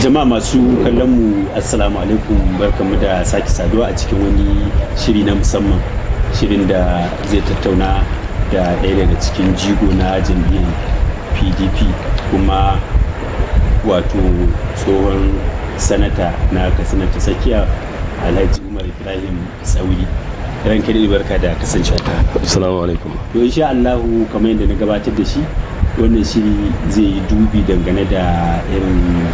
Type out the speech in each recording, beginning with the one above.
jama'a masu kallon mu assalamu alaikum barkamu da sake saduwa a cikin wani shiri na musamman shirin da zai tattauna da ɗaya daga cikin jigo na jam'iyyar pdp kuma wato tsohon sanata na katsina ta tsakiya alhaji umar ibrahim tsauri ran kai barka da kasance ta assalamu alaikum to insha Allah kamar yadda na gabatar da shi wannan shiri zai yi dubi dangane da irin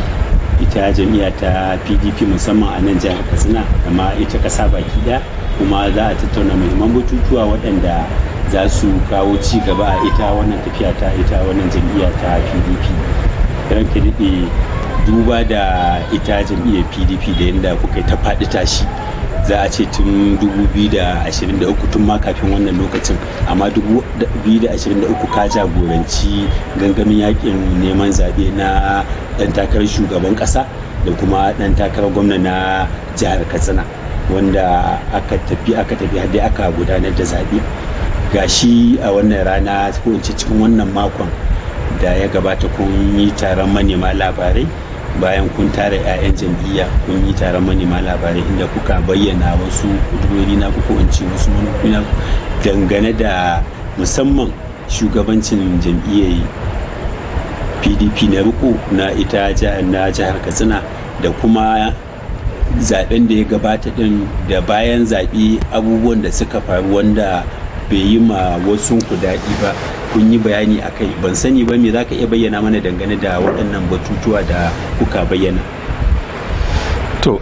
ita jam'iyya ta pdp musamman a nan jihar katsina da ma ita kasa baki da kuma za a tattauna muhimman batutuwa waɗanda za su kawo ci gaba a ita wannan tafiya ta ita wannan jam'iyya ta pdp ranke daɗe duba da ita jam'iyyar pdp da yadda kuka ta faɗi tashi za a ce tun 2023 tun ma kafin wannan lokacin amma 2023 ka jagoranci gangamin yakin neman zaɓe na ɗan takarar shugaban ƙasa da kuma ɗan takarar gwamna na jihar katsina wanda aka tafi aka tafi har dai aka gudanar da zaɓe gashi a wannan rana ko in ce cikin wannan makon da ya gabata kun yi taron manema labarai bayan kun tara 'ya'yan jam'iyya kun yi taron manema labarai inda kuka bayyana wasu kudurori na ko in wasu manufi dangane da musamman shugabancin jam'iyyar pdp na riko na ita na jihar katsina da kuma zaɓen da ya gabata din da bayan zaɓe abubuwan da suka faru wanda bai yi ma wasu ku daɗi ba kun yi bayani a kai ban sani ba me za ka iya bayyana mana dangane da waɗannan batutuwa da kuka bayyana to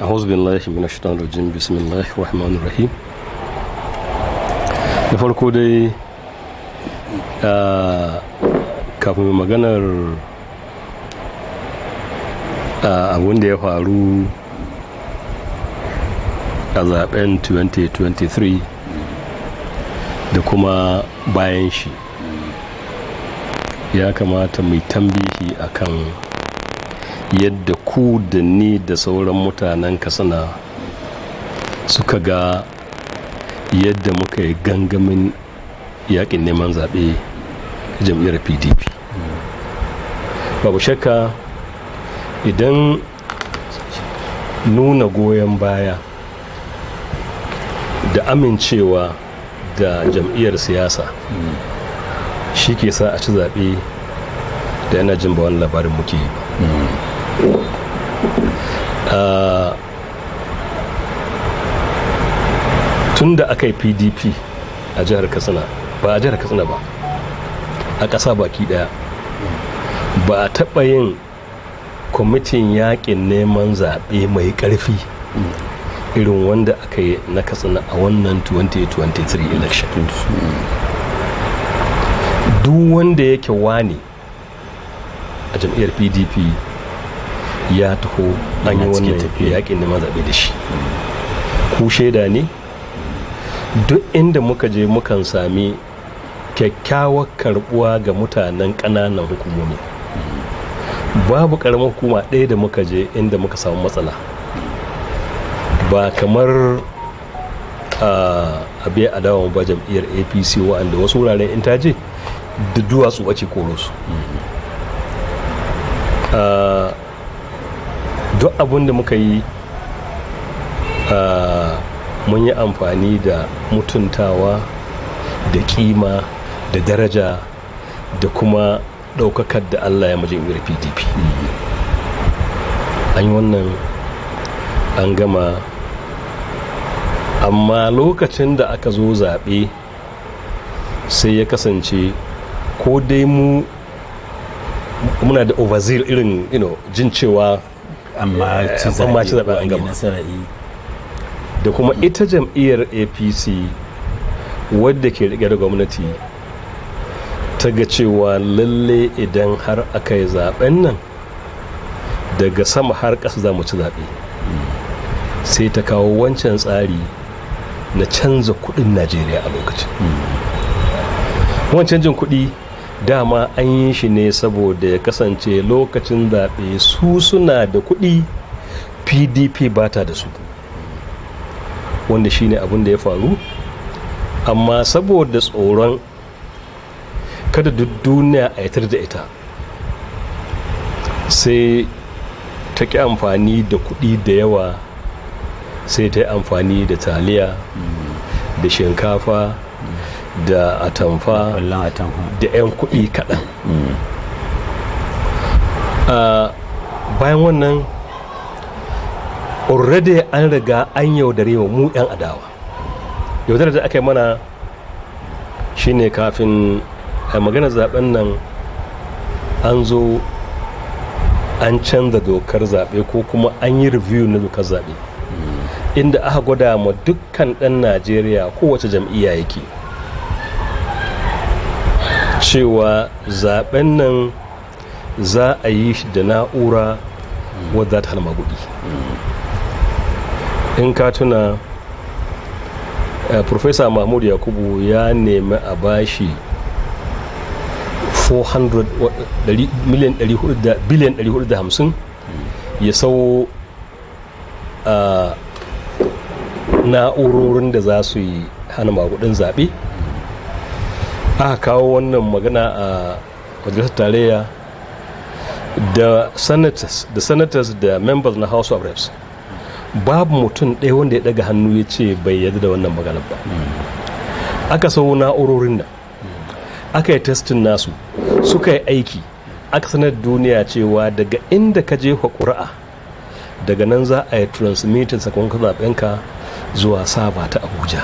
a a'udhu billahi minash shaitanir rajim bismillahir rahmanir rahim da farko dai kafin maganar abin da ya faru a zaben 2023 da kuma bayan shi ya kamata mai tambihi akan yadda ku da ni da sauran mutanen kasana suka ga yadda muka yi gangamin yakin neman zaɓe jam'iyyar pdp babu shakka idan nuna goyon baya da amincewa da jam'iyyar siyasa shi ke sa a ci zaɓe da yana jin ba wani labarin muke yi ba tun da aka yi pdp a jihar katsina ba a jihar katsina ba a ƙasa baki ɗaya ba a taɓa yin kwamitin yaƙin neman zaɓe mai ƙarfi irin wanda aka yi na katsina a wannan 2023 election duk wanda yake wani a jam'iyyar pdp ya taho an yi wannan yakin neman zaɓe da shi ku shaida ne duk inda muka je mukan sami kyakkyawar karbuwa ga mutanen ƙananan hukumomi babu ƙaramin hukuma ɗaya da muka je inda muka samu matsala ba kamar a biya adawa ba jam'iyyar apc wa'anda wasu wuraren in taje da duwatsu ake koro su duk abin da muka yi mun yi amfani da mutuntawa da kima da daraja da kuma daukakar da allah ya majami'ar pdp an yi wannan an gama amma lokacin da aka zo zaɓe sai ya kasance ko dai mu muna da overzeal irin jin cewa amma eh, ci zaɓe an gama eh. da kuma ita jam'iyyar apc wadda ke riƙe da gwamnati ta ga cewa lalle idan har aka yi zaben nan daga sama har ƙasa za mu ci zaɓe mm. sai ta kawo wancan tsari na canza kudin najeriya a lokacin wani canjin kudi dama an yi shi ne saboda ya kasance lokacin zaɓe su suna da kudi pdp ba ta da su wanda shine ne da ya faru amma saboda tsoron kada duk duniya a yatar da ita sai ta ki amfani da kuɗi da yawa sai ta yi amfani da taliya da shinkafa da atamfa da 'yan kuɗi kaɗan mm. bayan wannan already an riga an yaudare wa mu 'yan adawa yaudare da aka yi mana shine kafin a magana zaben nan an zo an canza dokar zaɓe ko kuma an yi review na dokar zaɓe inda aka gwada ma dukkan dan najeriya kowace jam'iyya yake cewa zaben nan za a yi shi da na'ura wadda ta halma gudi in ka tuna eh, professor mahmud yakubu ya nemi a bashi 400 miliyan 450 ya sau ah, na'urorin da za su yi hana magudin zaɓe aka kawo wannan magana a majalisar tarayya da senators da senators da members na house of reps babu mutum ɗaya wanda ya daga hannu ya ce bai yadda da wannan magana ba aka sau na'urorin nan aka yi testin nasu suka yi aiki aka sanar duniya cewa daga inda ka jefa ƙuri'a daga nan za a yi transmitting sakamakon zaɓenka zuwa saba ta abuja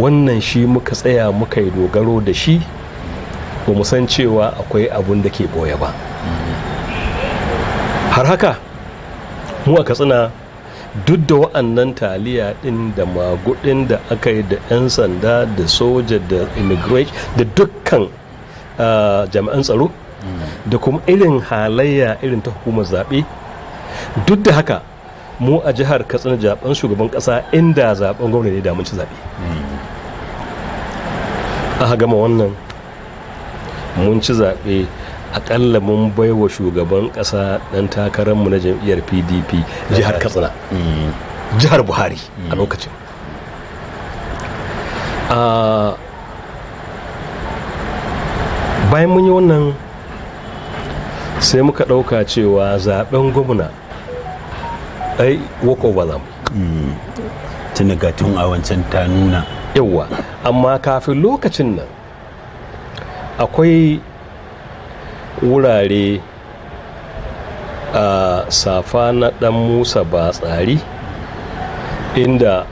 wannan shi muka tsaya muka yi dogaro da shi ba mu san cewa akwai abun da ke boye ba har haka mu a katsina duk da wa'annan taliya din da magudin da aka yi da 'yan sanda da soja da immigration da dukkan jami'an tsaro mm. da kuma irin halayya irin ta hukumar zaɓe duk da haka mu a jihar katsina zaben shugaban kasa inda zaben gwamna ne da mun ci zabe aka gama wannan mun ci zabe akalla mun baiwa shugaban kasa dan takararmu na jam'iyyar pdp jihar katsina jihar buhari a lokacin bayan mun yi wannan sai muka ɗauka cewa zaɓen gwamna ai walk over them tun a wancan ta nuna yawa amma kafin lokacin nan akwai wurare a safa na dan musa ba tsari inda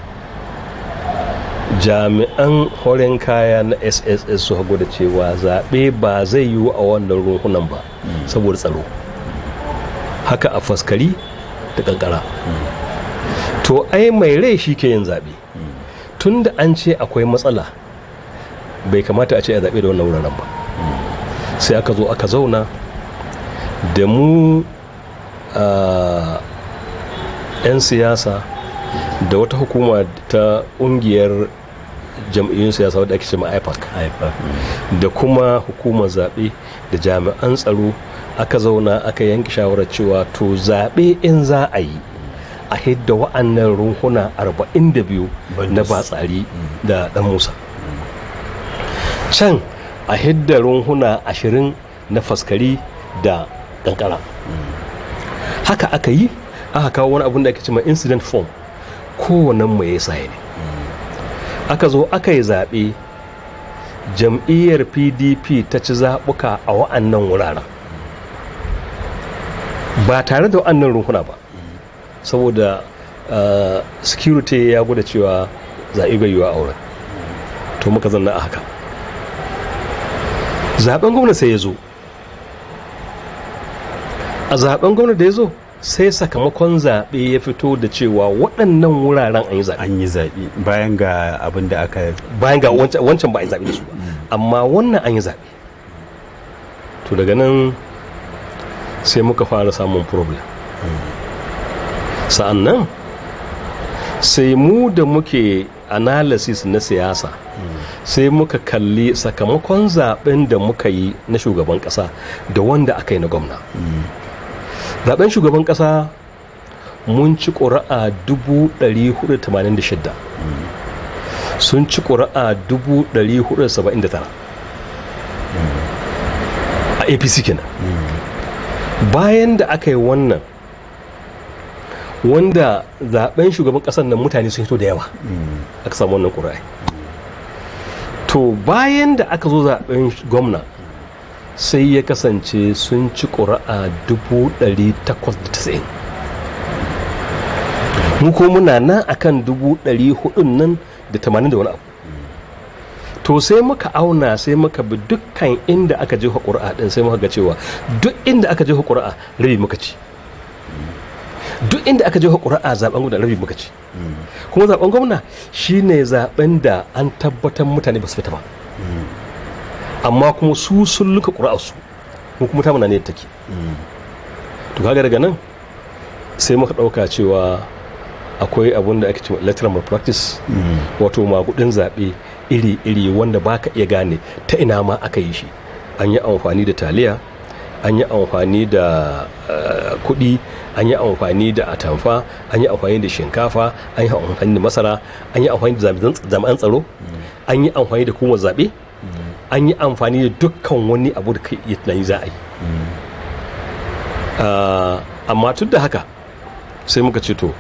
jami'an horin kaya na sss su hagu da cewa zaɓe ba zai yiwu a wannan ruhunan ba saboda tsaro haka a faskari da kankara to ai mai rai shi ke yin zaɓe tun da an ce akwai matsala bai kamata a ce a zaɓe da wannan wuraren ba sai aka zo aka zauna da mu 'yan siyasa da wata hukuma ta ƙungiyar jam'iyyun siyasa wadda ake cewa ipac da kuma hukumar zaɓe da jami'an tsaro aka zauna aka yanke shawarar cewa to zaɓe in za a yi a hidda wa'annan runhuna 42 na batsari da ɗan musa can a hidda runhuna 20 na faskari da ƙanƙara, haka aka yi aka kawo wani abun da ake cima incident form kowannen mu ya ne aka zo aka yi zaɓe jam'iyyar pdp ta ci zaɓuka a wa'annan wuraren ba tare da wa'annan runkuna ba saboda uh, security ya gwada cewa zaɓe bai yiwa auren to muka zanna a haka zaben gwamna sai ya zo a zaben gwamna da ya zo sai sakamakon zaɓe ya fito da cewa waɗannan wuraren an yi zaɓe an yi zaɓe bayan ga abin da aka bayan ga wancan ba a yi zaɓe da su ba mm. amma wannan an yi zaɓe to daga nan sai muka fara samun problem sa'an nan sai mu da muke analysis na siyasa sai muka kalli sakamakon zaben da muka yi na shugaban kasa da wanda aka yi na gwamna zaben shugaban kasa mun ci ƙura'a 486 sun ci ƙura'a 479 a apc kenan bayan da aka yi wannan wanda zaben shugaban kasar nan mutane sun hito da yawa mm. aka samu wannan kura'i to bayan da aka zo zaben gwamna sai ya kasance sun ci kura'a 890 mu ko muna nan akan 400 nan da 80 da wani abu to sai muka auna sai muka bi dukkan inda aka jefa ƙura din sai muka ga cewa duk inda aka jefa ƙura'a rabi muka ci duk inda aka jefa ƙura'a zaben guda rabi muka ci kuma zaben gwamna shine zaben da an tabbatar mutane ba su fita ba amma kuma su sun luka su mu kuma ta ne take to kaga daga nan sai muka ɗauka cewa akwai abun da ake cewa electoral malpractice wato magudin zaɓe iri-iri wanda ba ka iya gane ta ina ma aka yi shi an yi amfani da taliya an yi amfani da eh, kuɗi an yi amfani da atamfa an yi amfani da shinkafa an yi amfani da masara an yi amfani da jami'an tsaro an yi amfani da kuma zaɓe an yi amfani da dukkan wani abu da iya tunani za a yi eh, amma tun da haka sai muka ce to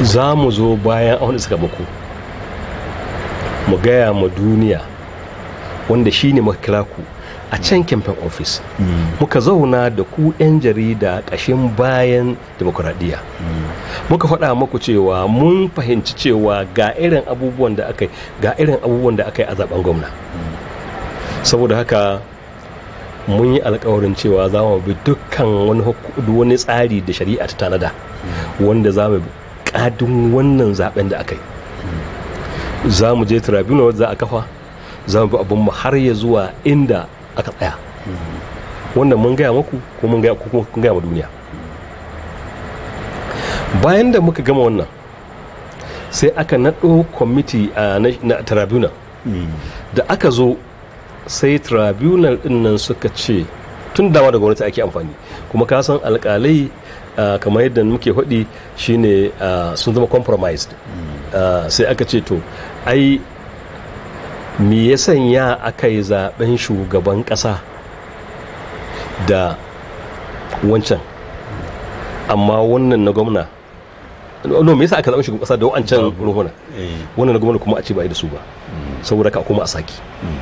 za mu zo bayan a wani muku mu gaya ma duniya wanda shi ne ku a can campaign office mm. muka zauna da ku 'yan jarida ƙashin bayan demokuraɗiyya mm. muka faɗa muku cewa mun fahimci cewa ga irin abubuwan da aka ga irin abubuwan da aka yi a zaben gwamna mm. saboda haka mun yi alkawarin cewa za mu bi dukkan wani tsari da shari'a ta tanada wanda za mu bi ƙadin wannan zaben da aka yi za mu je tribunal za a kafa za mu bi abin mu har ya zuwa inda aka tsaya wannan mun gaya muku ko mun gaya kuma kun gaya ma duniya bayan da muka gama wannan sai aka naɗo kwamiti na tribunal da aka zo sai tribunal din nan suka ce tun dama da gwamnati ake amfani kuma ka san alkalai kamar yadda muke faɗi shine sun zama compromised sai aka ce to ai me ya sanya aka yi zaben shugaban ƙasa da wancan amma wannan na gwamna no me yasa aka zaben shugaban ƙasa da wancan ruhuna eh. wannan na gwamna kuma a ce ba da su ba mm. saboda ka kuma a saki mm.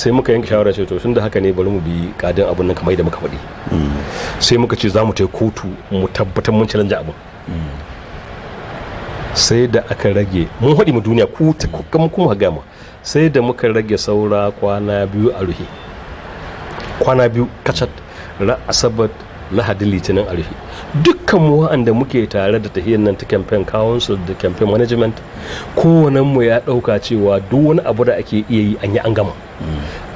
sai muka yanke shawara ce to tun da haka ne bari mu bi kadin abun nan kamar da muka faɗi mm. sai muka ce za mu ta kotu mu tabbatar mun canza abin sai da aka rage mun haɗi mu duniya ku kuma gama sai da muka rage saura kwana biyu a ruhi kwana biyu kacat ra asabar lahadin litinin a ruhi dukkan mu wa'anda muke tare da tahiyar nan ta campaign council da campaign management kowanne mu ya ɗauka cewa duk wani abu da ake iya yi an yi an gama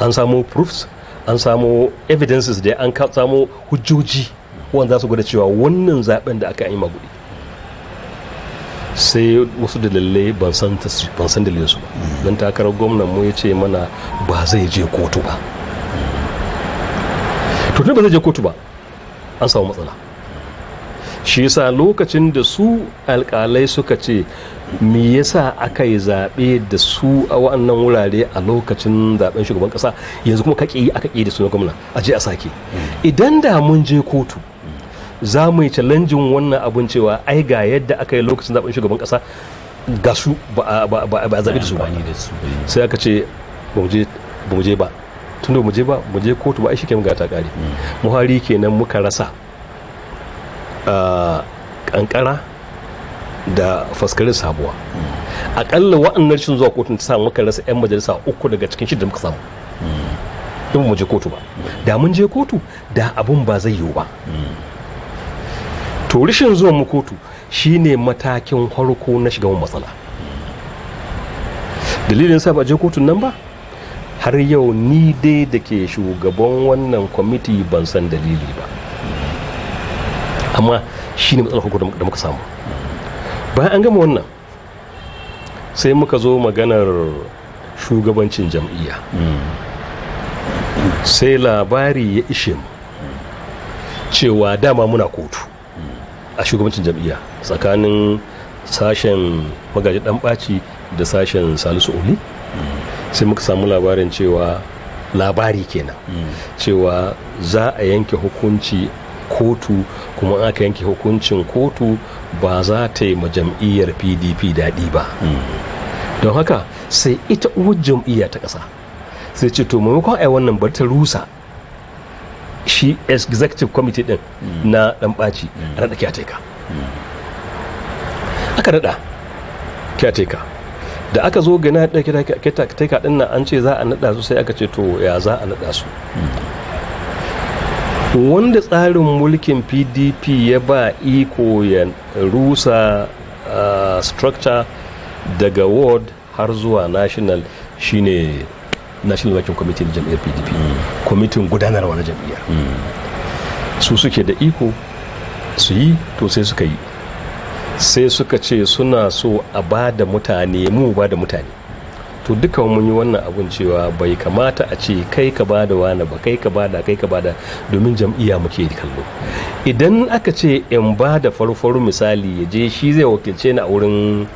an samo proofs an samu evidences da an samu hujjoji wanda za su gwada cewa wannan zaben da aka yi magudi sai wasu dalilai ban san dalilin su don mm. takarar gwamnan mu ya ce mana ba zai je kotu ba to ba zai je kotu ba an samu matsala shi yasa lokacin da su alkalai suka ce me yasa aka yi zaɓe da su a wannan wurare a lokacin zaɓen shugaban ƙasa yanzu kuma kaƙi yi aka ƙi da su na gwamna a je a sake idan da mun je kotu za mu yi challenging wannan abun cewa ai ga yadda aka yi lokacin zaɓen shugaban ƙasa ga su ba a zaɓe da su ba eh. sai aka ce ba mu je ba tun da mu je ba mu je kotu ba ai shi ke mu gata ta ƙari muhari hmm. kenan muka rasa kankara eh, da faskarin sabuwa akalla wa'annan shin zuwa kotun ta samu muka rasa 'yan majalisa uku daga cikin shida muka samu in mu je kotu ba da mun je kotu da abun ba zai yiwu ba to rishin zuwan mu kotu shine matakin farko na shiga matsala dalilin sa ba je kotun nan ba har yau ni dai da ke shugaban wannan kwamiti ban san dalili ba amma shi ne matsalar hukumar da muka samu bayan an gama wannan sai muka zo maganar shugabancin jam'iyya sai labari ya ishe mu cewa dama muna kotu a shugabancin jam'iyya tsakanin sashen magaji dan ɓaci da sashen salisu oli sai muka samu labarin cewa labari kenan mm. cewa za a yanke hukunci kotu kuma aka yanke hukuncin kotu ba za ta yi ma jam'iyyar pdp daɗi ba don haka sai ita uwar jam'iyya ta ƙasa sai ce to maimakon ai wannan bari ta rusa shi executive committee din na dan ɓaci a naɗa kyateka aka naɗa kyateka da aka zo gana da kyateka din nan an ce za a naɗa su sai aka ce to ya za a naɗa su wanda tsarin mulkin pdp ya ba iko ya rusa structure daga ward har zuwa national shine national working committee na jam'iyyar pdp hmm. kwamitin gudanarwa na jam'iyyar hmm. su suke da iko su yi to sai suka yi sai suka ce suna so a ba da mutane mu ba da mutane to duka mun yi wannan abun cewa bai kamata a ce kai ka bada wani ba kai ka bada kai ka bada domin jam'iyya muke kallo idan aka ce in ba da farfaro misali ya je shi zai wakilce ni a wurin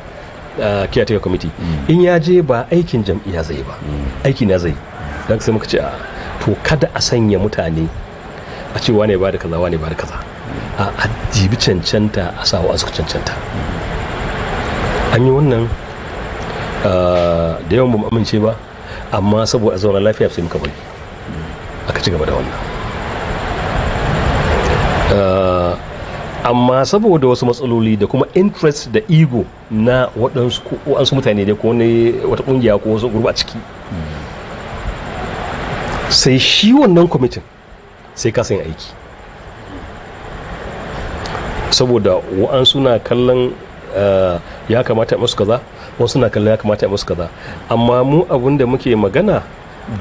caretaker committee hmm. in ya je ba aikin jam'iyya zai ba hmm. aiki na zai don sai muka ce a to kada a sanya mutane a ce wane ba da kaza wane ba da kaza a jibi cancanta a sawa a cancanta hmm. an yi wannan Eh, da yawan mu amince ba amma saboda zauna lafiya sai muka bari aka ci gaba da wannan eh, amma saboda wasu matsaloli da kuma interest da ego na waɗansu mutane da ko wani wata ƙungiya ko wasu gurba ciki sai shi wannan kwamitin sai ka yin aiki saboda wa'an suna kallon eh, ya kamata masu kaza wasu na kallon ya kamata a musu kaza amma mu abun da muke magana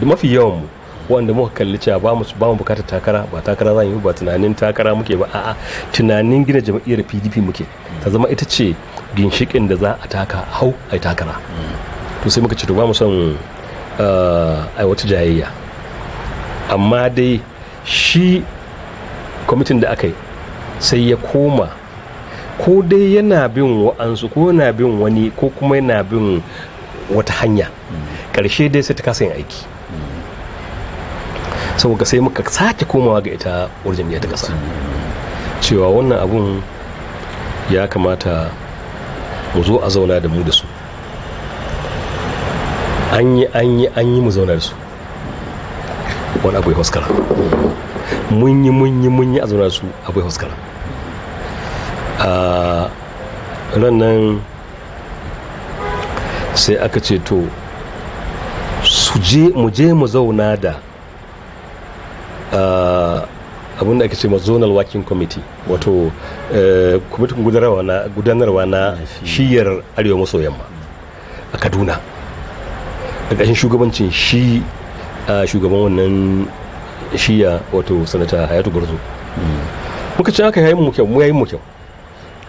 mafi yawan mu wanda muka kalli cewa ba mu ba mu bukatar takara ba takara zan yi ba tunanin takara muke ba a'a tunanin gina jam'iyyar PDP muke ta zama ita ce ginshikin da za a taka hau ai takara to sai muka ce to ba mu son eh, ai wata jayayya amma dai shi kwamitin da aka yi sai ya koma ko dai yana bin wa'ansu ko yana bin wani ko kuma yana bin wata hanya ƙarshe dai sai ta kasa yin aiki saboda sai muka sake komawa ga ita wajen jam'iyyar ta ƙasa cewa wannan abun ya kamata mu zo a zauna da mu da su an yi an yi an yi mu zauna da su wani abu ya haskara mun yi mun yi mun yi a zauna da su abu ya haskara a ranar sai aka ce to mu je mu zauna da abinda ake ce ma zonal working committee wato eh, kwamitin gudanarwa na shiyar arewa maso yamma a kaduna a ƙarshen shugabancin shi a shugaban wannan shiya wato sanata hayatu gurzu hmm. muka ce aka yayin mu kyau mu yayin mu kyau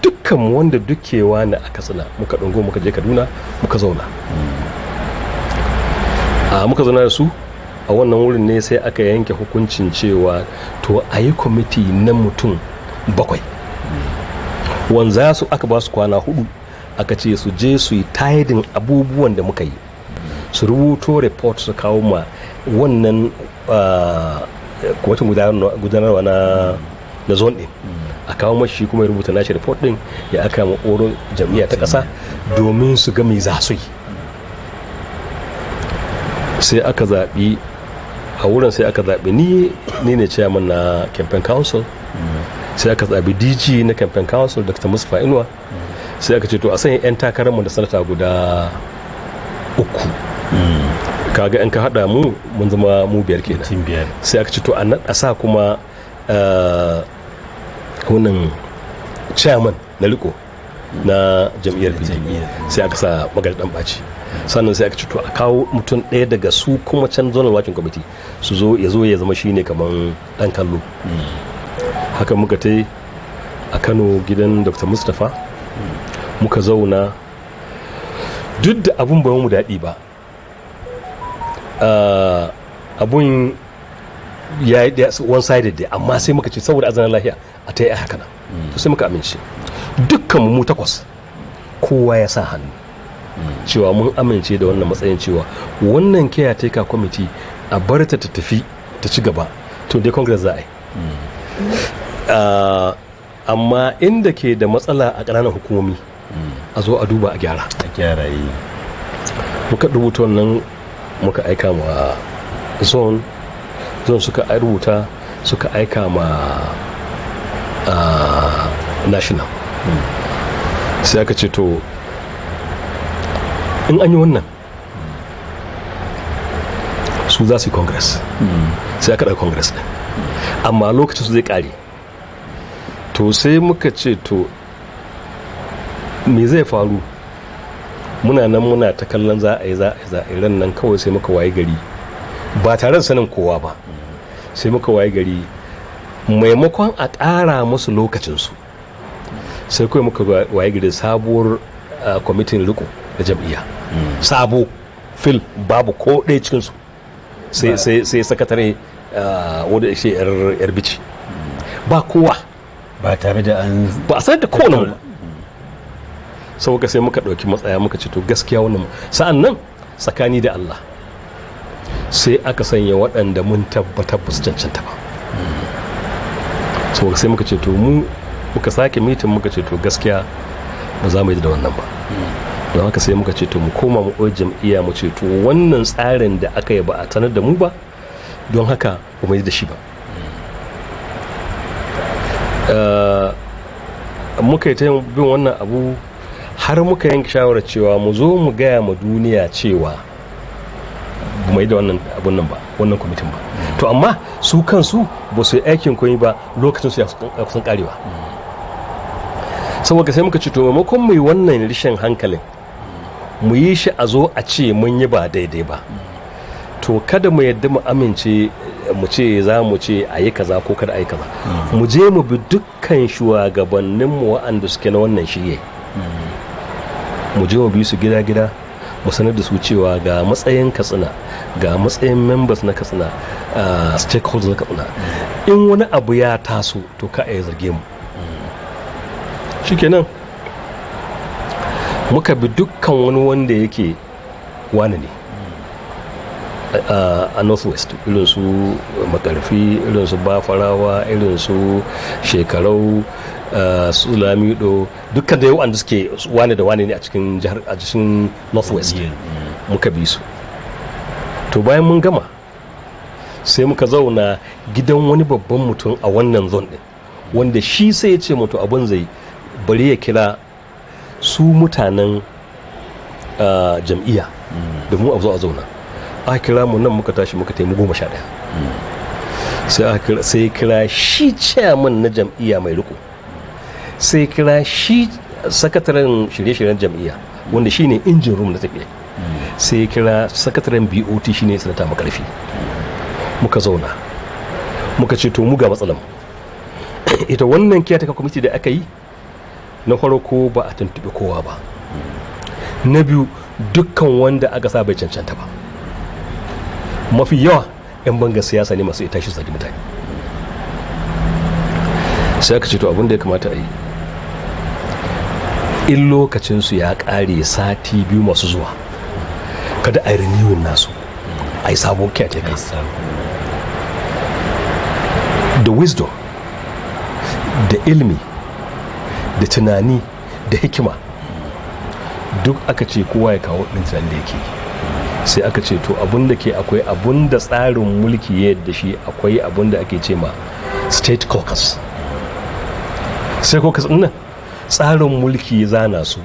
dukkan wanda dukewa ne aka katsina muka dungo muka je kaduna muka zauna a muka zauna da su a wannan wurin ne sai aka yanke hukuncin cewa to a yi kwamiti na mutum bakwai wanza su aka ba su kwana hudu aka ce su je su yi abubuwan da muka yi su rubuto report su kawo ma wannan ah, kwamitin gudanarwa na zon din a kawo mashi kuma ya rubuta nashi report din ya aka ma oro jami'a ta kasa domin su ga mai za su yi sai aka zaɓi a wurin sai aka zaɓi ni ne ne chairman na campaign council sai aka zaɓi dg na campaign council dr musfa inuwa sai aka ce to a sanya 'yan mu da sanata guda uku kaga in ka hada mu mun zama mu biyar kenan sai aka ce to a sa kuma eh, wannan chairman na riko na jam'iyyar pdp sai aka sa magana dan baci sannan sai aka to a kawo mutum ɗaya daga su kuma can zonal wakin kwamiti su zo ya zo ya zama shine kamar ɗan kallo haka muka tai a kano gidan dr mustapha muka zauna duk da abun ba mu daɗi ba ah, abun ya yi one sided dai amma sai muka ce saboda azanar lahiya a ta yi haka nan to sai muka amince dukkan mu takwas kowa ya sa hannu cewa mun amince da wannan matsayin cewa wannan kiyaye taika kwamiti a bar ta tafi ta ci gaba to dai congress za a yi ah, amma inda ke da matsala a ƙananan hukumomi a zo a duba a gyara a gyara yi eh. muka rubuta wannan muka aika ma zone zuwa suka rubuta suka aika ma national sai aka ce to in an yi wannan su za su yi congress sai aka ɗauki congress ɗin amma lokacin su zai ƙare to sai muka ce to me zai faru muna nan muna ta kallon za a yi za a yi za a yi ran nan kawai sai muka waye gari ba tare da sanin kowa ba sai muka waye gari maimakon a ƙara musu lokacinsu sai kawai muka waye gari sabuwar kwamitin riko da jam'iyya sabo fil babu ko ɗaya cikinsu sai sakatare wadda ishe yar bici ba kowa ba tare da an ba a sanar da kowane ba sau sai muka ɗauki matsaya muka ce to gaskiya wannan sa'an nan tsakani da allah sai aka sanya waɗanda mun tabbatar ba su cancanta ba so sai muka ce to mu muka sake mitin muka ce to gaskiya ba za mu yi da wannan ba don haka sai muka ce to mu koma mu ɗau jam'iyya mu ce to wannan tsarin da aka yi ba a tanar da mu ba don haka ba mu yi da shi ba eh, muka yi ta bin wannan abu har muka yanke shawarar cewa mu zo mu gaya ma duniya cewa mu yi da wannan abun nan ba wannan kwamitin ba to amma su kansu ba su yi aikin koyi ba lokacin su ya kusan karewa saboda sai muka ce to maimakon mu yi wannan rishin hankalin mu yi shi a zo a ce mun yi ba daidai ba to kada mu yadda mu amince mu ce za mu ce a yi kaza ko kada a yi kaza mu je mu bi dukkan shugabanninmu waɗanda suke na wannan shirye mu je mu bi su gida-gida mu sanar da su cewa ga matsayin katsina ga matsayin members na katsina stakeholders na katsina in wani abu ya taso to ka ya zarge mu shikenan muka bi dukkan wani wanda yake wani ne a northwest irin su makarfi irin su bafarawa irinsu su shekarau su lamido dukkan da yawan da suke wane da wane ne a cikin jihar a cikin northwest muka bi su to bayan mun gama sai muka zauna gidan wani babban mutum a wannan zon din wanda shi sai ya ce mutu abin zai bari ya kira su mutanen jam'iyya mu mm. a zo a zauna aka kira mu nan muka tashi muka taimu goma sha ɗaya sai kira shi chairman na jam'iyya mai riko sai kira shi sakataren shirye-shiryen jam'iyya wanda shine injin room na tafiya sai kira sakataren bot shine sanata makarfi muka zauna muka ce to mu ga matsalan ita wannan kiyataka kwamiti da aka yi na farko ba a tuntuɓi kowa ba na biyu dukkan wanda aka sa bai cancanta ba mafi yawa 'yan bangar siyasa ne masu ita shi mutane sai aka ce to abin da ya kamata a yi in lokacinsu ya kare sati biyu masu zuwa kada a yi renewin nasu a yi sabon caretaker da wisdom da ilmi da tunani da hikima duk aka ce kowa ya kawo ɗin tunanin da yake sai aka ce to abun da ke akwai abun da tsarin mulki ya yadda shi akwai abun da ake ce ma state caucus state caucus nan tsarin mulki ya zana su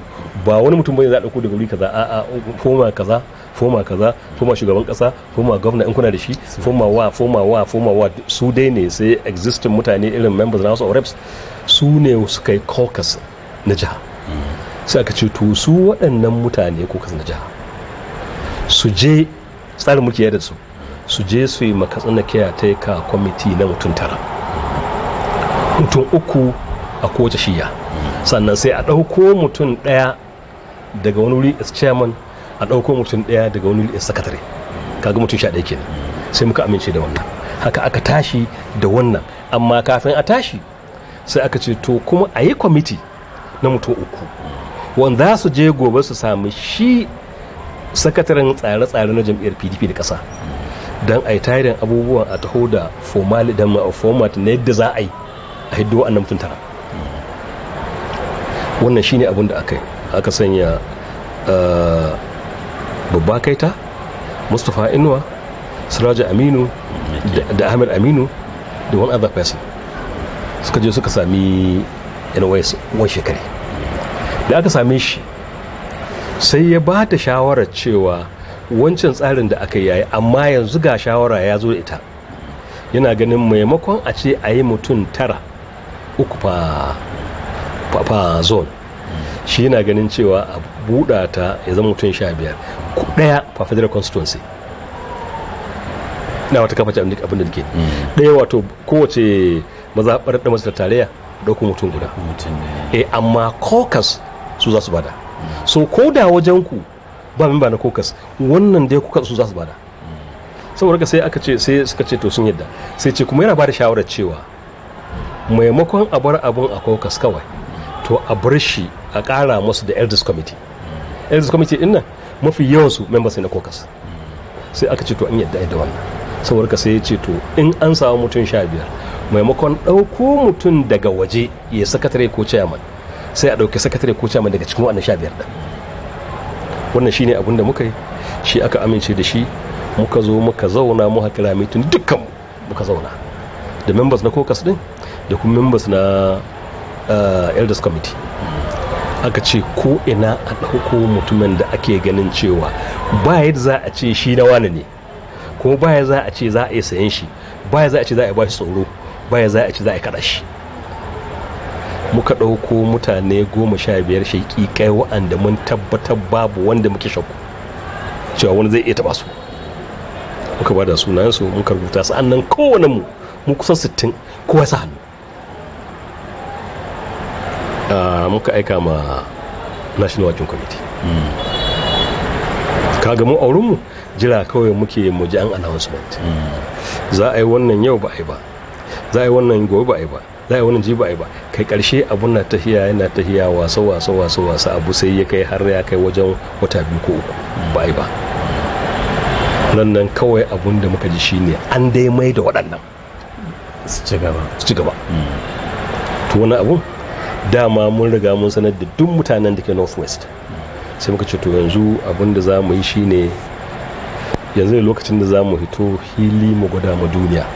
ba wani mutum bane za a dauko daga wuri kaza a'a foma kaza foma kaza foma shugaban kasa foma gwamna in kuna da shi foma wa foma wa foma wa su dai ne sai existing mutane irin members na house of reps su ne suka yi caucus na jiha sai aka ce to su waɗannan mutane caucus na jiha su je tsarin mulki da su su je su yi ta yi ka kwamiti na mutum tara mutum uku a kowace shiya sannan sai a ɗauko mutum ɗaya daga wani wuri as chairman a ɗauko mutum ɗaya daga wani wuri as secretary kaga mutum sha ɗaya kenan sai muka amince da wannan haka aka tashi da wannan amma kafin a tashi sai aka ce to kuma a yi kwamiti na mutum uku wanda za su je gobe su sami shi sakataren tsare-tsare na jam'iyyar pdp da kasa don a yi tarin abubuwan a taho da formali da format na yadda za a yi a hiddo wa'annan mutum tara wannan shine abin da aka yi aka sanya eh, babba kaita mustapha inuwa siraja aminu da ahmed aminu da one other person suka je suka sami nys wani shekari da aka same shi sai ya ba ta shawarar cewa wancan tsarin da aka yayi amma yanzu ga shawara ya zo ita yana ganin maimakon a ce a yi mutum tara uku fa zone shi yana ganin cewa a buɗa ta ya zama mutum sha biyar ɗaya fa federal constituency na wata kafa abin da ke mm. ɗaya wato kowace mazaɓar da masu tarayya ɗauko mutum guda eh, amma caucus su za su bada so ko da wajen ku ba memba na kokas wannan dai kuka su za su bada saboda ka sai aka ce sai suka ce to sun yadda sai ce kuma yana bada shawarar cewa maimakon a bar abun a kokas kawai to a bar shi a kara musu da elders committee elders committee din nan mafi yawan su members na kokas sai aka ce to an yadda da wannan saboda ka sai ya ce to in an samu mutum sha biyar maimakon ɗauko mutum daga waje ya sakatare ko chairman sai a ɗauki sakatare ko chairman daga cikin wannan sha biyar ɗin wannan shine abin da muka yi shi aka amince da shi muka zo muka zauna mu kira mitin dukkan muka zauna da members na caucus din da kuma members na eh, elders committee aka ce ko ina a ɗauko mutumin da ake ganin cewa ba yadda za a ce shi na wani ne kuma ba za a ce za a yi sayan shi ba za a ce za a yi ba shi tsoro ba za a ce za a yi kaɗa shi muka ɗauko mutane goma sha biyar kai wa'anda mun tabbatar babu wanda muke shakku cewa wani zai iya taɓa su muka ba da sunayensu muka rubuta sa'an nan kowane mu mu kusan sittin kowa sa hannu ah, muka aika ma national watching committee kaga mu auren mu jira kawai muke mu ji an announcement hmm. za a yi wannan yau ba a yi ba za a yi wannan gobe ba a yi ba za wani ji ba ba kai karshe abun na tafiya yana tafiya wasa wasa wasa wasa abu sai ya kai har ya kai wajen wata biyu ko uku ba ba nan nan kawai abun da muka ji shine an dai mai da waɗannan su ci gaba su ci gaba hmm. to wani abun dama mun riga mun sanar da duk mutanen da ke north west sai muka ce to yanzu abun da za mu yi shine yanzu lokacin da za mu hito hili mu gwada mu duniya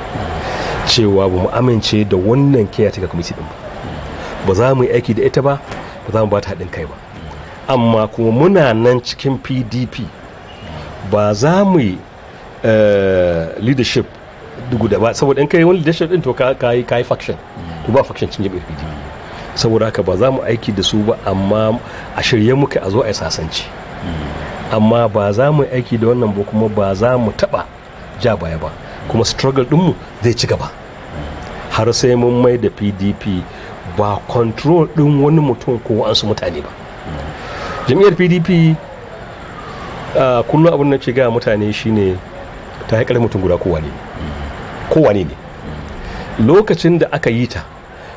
cewa ba mu amince da wannan caretaker committee din ba ba za mu yi aiki da ita ba ba za mu ba ta haɗin kai ba amma kuma muna nan cikin pdp ba za mu yi eh, leadership guda ba saboda in kai wani leadership din to ka yi faction to ba faction cin jam'iyyar pdp saboda haka ba za mu aiki da su ba amma a shirye muka a zo a yi sasanci amma ba za mu aiki da wannan ba kuma ba za mu taɓa ja baya ba kuma struggle ɗinmu zai ci gaba har sai mun mai da pdp ba control ɗin wani mutum ko wa'ansu mutane ba jam'iyyar pdp kullum abin da ce ga mutane shine ta haikar mutum guda kowane ne ne lokacin da aka yi ta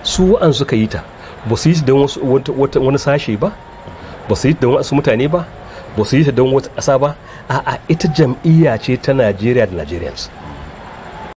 su wa'ansu suka yi ta ba su yi ta don wani sashe ba ba su yi ta don wasu mutane ba ba su yi ta don wata ƙasa ba a'a ita jam'iyya ce ta najeriya da nigerians